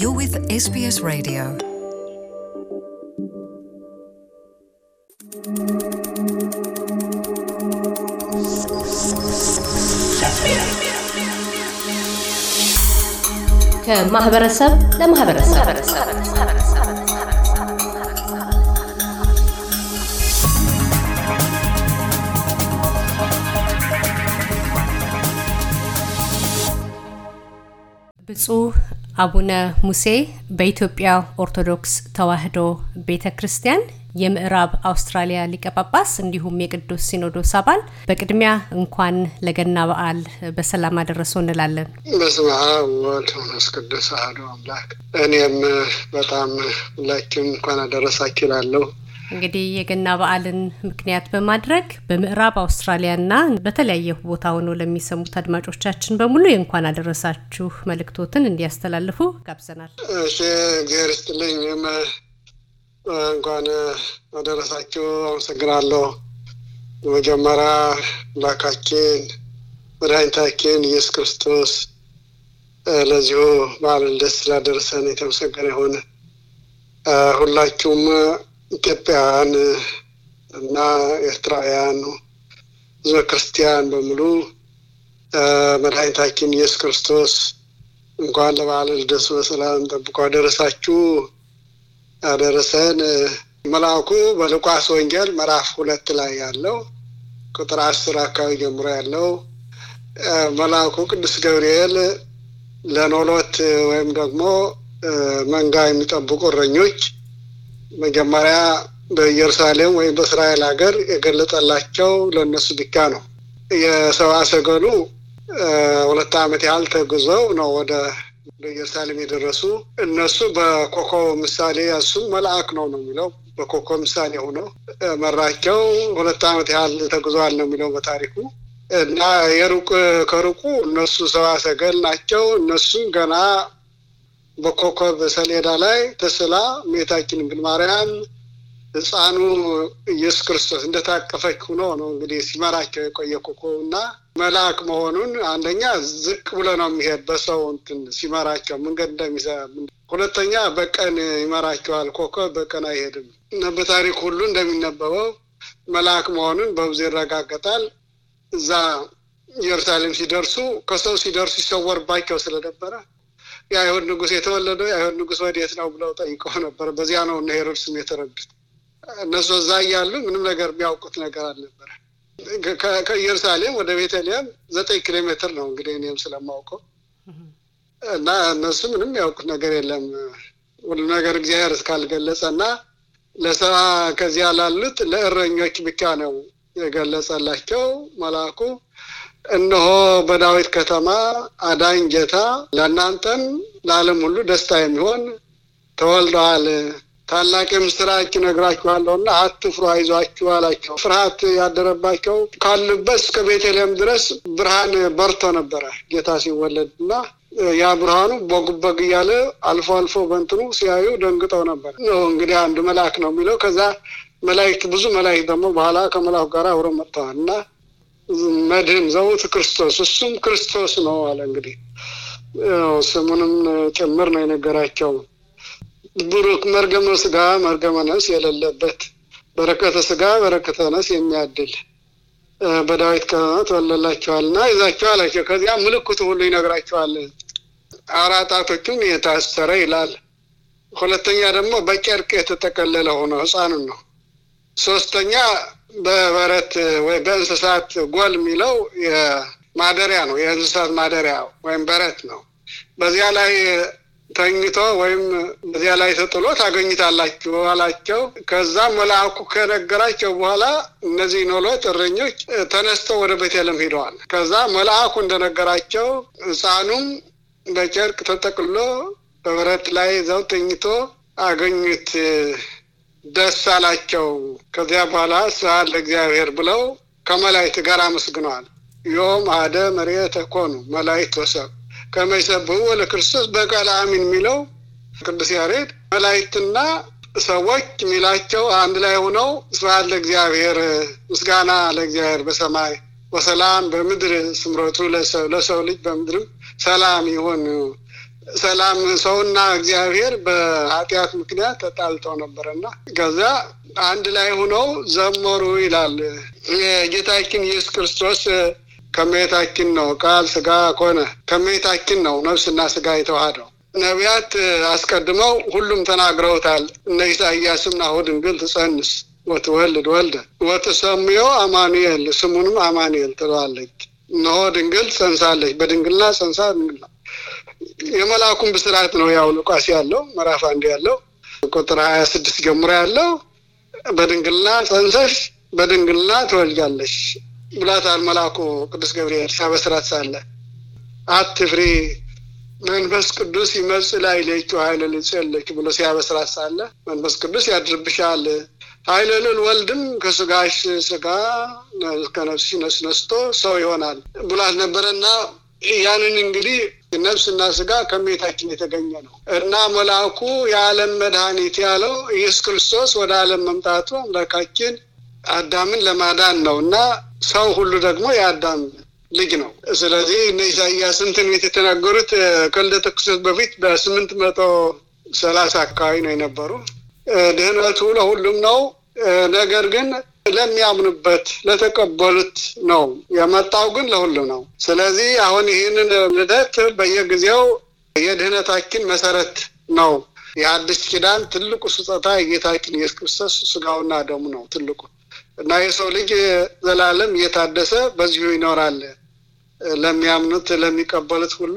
You're with SBS Radio. ከማህበረሰብ ለማህበረሰብ ብፁህ አቡነ ሙሴ በኢትዮጵያ ኦርቶዶክስ ተዋህዶ ቤተ ክርስቲያን የምዕራብ አውስትራሊያ ሊቀ ጳጳስ እንዲሁም የቅዱስ ሲኖዶስ አባል፣ በቅድሚያ እንኳን ለገና በዓል በሰላም አደረሶ እንላለን። በስመ አብ ወወልድ ወመንፈስ ቅዱስ አሐዱ አምላክ። እኔም በጣም ሁላችሁም እንኳን አደረሳችሁ እላለሁ። እንግዲህ የገና በዓልን ምክንያት በማድረግ በምዕራብ አውስትራሊያና በተለያየ ቦታ ሆኖ ለሚሰሙት አድማጮቻችን በሙሉ የእንኳን አደረሳችሁ መልእክቶትን እንዲያስተላልፉ ጋብዘናል። እሺ፣ እግዚአብሔር ይስጥልኝ። እንኳን አደረሳችሁ። አመሰግናለሁ። መጀመሪያ አምላካችን መድኃኒታችን ኢየሱስ ክርስቶስ ለዚሁ በዓልን ደስ ስላደረሰን የተመሰገነ የሆነ ሁላችሁም ኢትዮጵያውያን እና ኤርትራውያን ህዝበ ክርስቲያን በሙሉ መድኃኒታችን ኢየሱስ ክርስቶስ እንኳን ለበዓለ ልደቱ በሰላም ጠብቆ አደረሳችሁ አደረሰን። መልአኩ በሉቃስ ወንጌል ምዕራፍ ሁለት ላይ ያለው ቁጥር አስር አካባቢ ጀምሮ ያለው መልአኩ ቅዱስ ገብርኤል ለኖሎት ወይም ደግሞ መንጋ የሚጠብቁ እረኞች መጀመሪያ በኢየሩሳሌም ወይም በእስራኤል ሀገር የገለጠላቸው ለእነሱ ብቻ ነው። የሰብአ ሰገሉ ሁለት ዓመት ያህል ተጉዘው ነው ወደ ኢየሩሳሌም የደረሱ። እነሱ በኮከብ ምሳሌ እሱም መልአክ ነው ነው የሚለው በኮከብ ምሳሌ ሆኖ መራቸው። ሁለት ዓመት ያህል ተጉዘዋል ነው የሚለው በታሪኩ እና የሩቅ ከሩቁ እነሱ ሰብአ ሰገል ናቸው። እነሱም ገና በኮከብ ሰሌዳ ላይ ተስላ እመቤታችን ድንግል ማርያም ህፃኑ ኢየሱስ ክርስቶስ እንደታቀፈች ሆኖ ነው እንግዲህ ሲመራቸው የቆየ ኮከቡ እና መልአክ መሆኑን አንደኛ ዝቅ ብሎ ነው የሚሄድ በሰው እንትን ሲመራቸው መንገድ እንደሚሰራ ሁለተኛ በቀን ይመራቸዋል። ኮከብ በቀን አይሄድም። በታሪክ ሁሉ እንደሚነበበው መልአክ መሆኑን በብዙ ይረጋገጣል። እዛ ኢየሩሳሌም ሲደርሱ ከሰው ሲደርሱ ይሰወርባቸው ስለነበረ የአይሁድ ንጉስ የተወለደው የአይሁድ ንጉስ ወዴት ነው ብለው ጠይቀው ነበር። በዚያ ነው እነ ሄሮድስም የተረዱት። እነሱ እዛ እያሉ ምንም ነገር የሚያውቁት ነገር አልነበረ። ከኢየሩሳሌም ወደ ቤተልሔም ዘጠኝ ኪሎ ሜትር ነው እንግዲህ እኔም ስለማውቀው እና እነሱ ምንም የሚያውቁት ነገር የለም። ሁሉ ነገር እግዚአብሔር እስካልገለጸ እና ለሰባ ከዚያ ላሉት ለእረኞች ብቻ ነው የገለጸላቸው መልአኩ። እነሆ በዳዊት ከተማ አዳኝ ጌታ ለእናንተም ለዓለም ሁሉ ደስታ የሚሆን ተወልደዋል፣ ታላቅ ምስራች እነግራችኋለሁና አትፍሩ፣ አይዟችሁ አላቸው። ፍርሃት ያደረባቸው ካሉበት እስከ ቤተልሔም ድረስ ብርሃን በርቶ ነበረ ጌታ ሲወለድ እና ያ ብርሃኑ በጉበግ እያለ አልፎ አልፎ በንትኑ ሲያዩ ደንግጠው ነበር። እንግዲህ አንድ መልአክ ነው የሚለው። ከዛ መላእክት ብዙ መላእክት ደግሞ በኋላ ከመላኩ ጋር አብረው መጥተዋል እና መድህን ዘውት ክርስቶስ እሱም ክርስቶስ ነው አለ። እንግዲህ ስሙንም ጭምር ነው የነገራቸው። ብሩክ መርገመ ስጋ መርገመ ነስ የሌለበት በረከተ ስጋ በረከተ ነስ የሚያድል በዳዊት ከተማ ተወለላቸዋል እና ይዛችሁ አላቸው። ከዚያ ምልክቱ ሁሉ ይነግራቸዋል። አራጣቶቹን የታሰረ ይላል። ሁለተኛ ደግሞ በጨርቅ የተጠቀለለ ሆኖ ህፃኑን ነው። ሶስተኛ በበረት ወይ በእንስሳት ጎል የሚለው ማደሪያ ነው። የእንስሳት ማደሪያ ወይም በረት ነው። በዚያ ላይ ተኝቶ ወይም በዚያ ላይ ተጥሎ ታገኝታላችሁ አላቸው። ከዛም መልአኩ ከነገራቸው በኋላ እነዚህ ኖሎች እረኞች ተነስተው ወደ ቤተልሔም ሂደዋል ከዛ መልአኩ እንደነገራቸው ሕፃኑም በጨርቅ ተጠቅሎ በበረት ላይ ዘው ተኝቶ አገኙት። ደስ አላቸው። ከዚያ በኋላ ስብሐት ለእግዚአብሔር ብለው ከመላእክት ጋር አመስግነዋል። ዮም አደ መሬተ ኮኑ መላእክት ወሰብ ከመይሰብህ ለክርስቶስ በቃል አሚን የሚለው ቅዱስ ያሬድ መላእክትና ሰዎች የሚላቸው አንድ ላይ ሆነው ስብሐት ለእግዚአብሔር፣ ምስጋና ለእግዚአብሔር በሰማይ ወሰላም በምድር ስምረቱ ለሰው ልጅ በምድርም ሰላም ይሆን ሰላም ሰውና እግዚአብሔር በኃጢአት ምክንያት ተጣልተው ነበረና ከዛ አንድ ላይ ሆነው ዘመሩ ይላል። የጌታችን ኢየሱስ ክርስቶስ ከመቤታችን ነው ቃል ስጋ ኮነ ከመቤታችን ነው ነፍስና ስጋ የተዋህደው። ነቢያት አስቀድመው ሁሉም ተናግረውታል። እነ ኢሳያስም ናሁ ድንግል ትጸንስ ወትወልድ ወልደ ወትሰምዮ አማኑኤል ስሙንም አማኑኤል ትለዋለች። እነሆ ድንግል ጸንሳለች፣ በድንግልና ጸንሳ ድንግልና የመልአኩን ብስራት ነው ያው ሉቃስ ያለው ምዕራፍ አንድ ያለው ቁጥር ሀያ ስድስት ጀምሮ ያለው በድንግልና ጸንሰሽ በድንግልና ትወልጃለሽ ብላታል መልአኩ ቅዱስ ገብርኤል ሳበስራት ሳለ አትፍሪ መንፈስ ቅዱስ ላይ ላዕሌኪ ኃይለ ልጽልኪ ብሎ ሲያበስራት ሳለ መንፈስ ቅዱስ ያድርብሻል ኃይለንን ወልድም ከስጋሽ ስጋ ከነፍስሽ ነስነስቶ ሰው ይሆናል ብሏት ነበረና ያንን እንግዲህ ነፍስና ስጋ ከእመቤታችን የተገኘ ነው እና መልአኩ የዓለም መድኃኒት ያለው ኢየሱስ ክርስቶስ ወደ ዓለም መምጣቱ አምላካችን አዳምን ለማዳን ነው እና ሰው ሁሉ ደግሞ የአዳም ልጅ ነው። ስለዚህ እነ ኢሳያስን ትንቢት የተናገሩት ከልደ ክርስቶስ በፊት በስምንት መቶ ሰላሳ አካባቢ ነው የነበሩ። ድህነቱ ለሁሉም ነው ነገር ግን ለሚያምኑበት ለተቀበሉት ነው የመጣው፣ ግን ለሁሉ ነው። ስለዚህ አሁን ይህንን ልደት በየጊዜው የድህነታችን መሰረት ነው። የአዲስ ኪዳን ትልቁ ስጦታ የጌታችን ኢየሱስ ክርስቶስ ስጋውና ደሙ ነው ትልቁ እና የሰው ልጅ ዘላለም እየታደሰ በዚሁ ይኖራል። ለሚያምኑት ለሚቀበሉት ሁሉ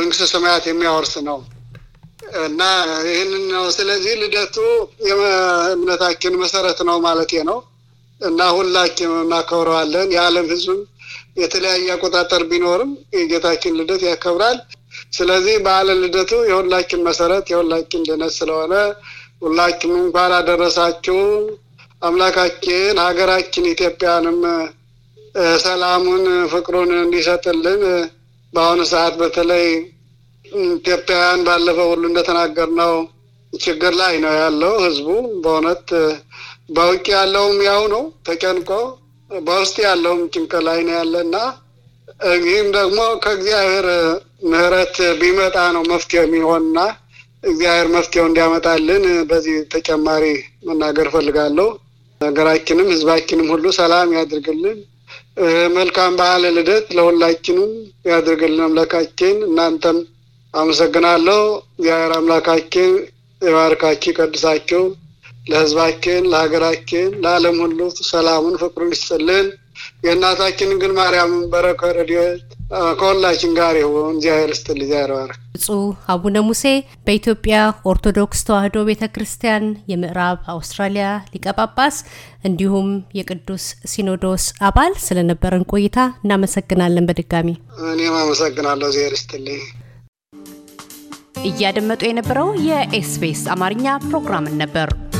መንግስተ ሰማያት የሚያወርስ ነው እና ይህንን ነው። ስለዚህ ልደቱ የእምነታችን መሰረት ነው ማለት ነው። እና ሁላችንም እናከብረዋለን። የዓለም ህዝብ የተለያየ አቆጣጠር ቢኖርም የጌታችን ልደት ያከብራል። ስለዚህ በዓለ ልደቱ የሁላችን መሰረት የሁላችን ድነት ስለሆነ ሁላችሁም እንኳን አደረሳችሁ። አምላካችን ሀገራችን ኢትዮጵያንም ሰላሙን፣ ፍቅሩን እንዲሰጥልን በአሁኑ ሰዓት በተለይ ኢትዮጵያውያን ባለፈው ሁሉ ነው ችግር ላይ ነው ያለው ህዝቡ በእውነት በውጭ ያለውም ያው ነው ተጨንቆ በውስጥ ያለውም ጭንቅ ላይ ነው ያለ እና እዚህም ደግሞ ከእግዚአብሔር ምሕረት ቢመጣ ነው መፍትሄ የሚሆንና እግዚአብሔር መፍትሄው እንዲያመጣልን በዚህ ተጨማሪ መናገር ፈልጋለሁ። ሀገራችንም ህዝባችንም ሁሉ ሰላም ያድርግልን። መልካም በዓለ ልደት ለሁላችንም ያድርግልን አምላካችን። እናንተም አመሰግናለሁ። እግዚአብሔር አምላካችን የባርካችሁ ይቀድሳችሁ። ለህዝባችን፣ ለሀገራችን፣ ለዓለም ሁሉ ሰላሙን ፍቅሩን ይስጥልን። የእናታችን ግን ማርያምን በረከት ረድኤት ከሁላችን ጋር ይሁን። እግዚአብሔር ይስጥልን። እግዚአብሔር ባረክ። ብፁዕ አቡነ ሙሴ በኢትዮጵያ ኦርቶዶክስ ተዋሕዶ ቤተ ክርስቲያን የምዕራብ አውስትራሊያ ሊቀ ጳጳስ እንዲሁም የቅዱስ ሲኖዶስ አባል ስለነበረን ቆይታ እናመሰግናለን። በድጋሚ እኔም አመሰግናለሁ። እግዚአብሔር ይስጥልኝ። እያደመጡ የነበረው የኤስቢኤስ አማርኛ ፕሮግራምን ነበር።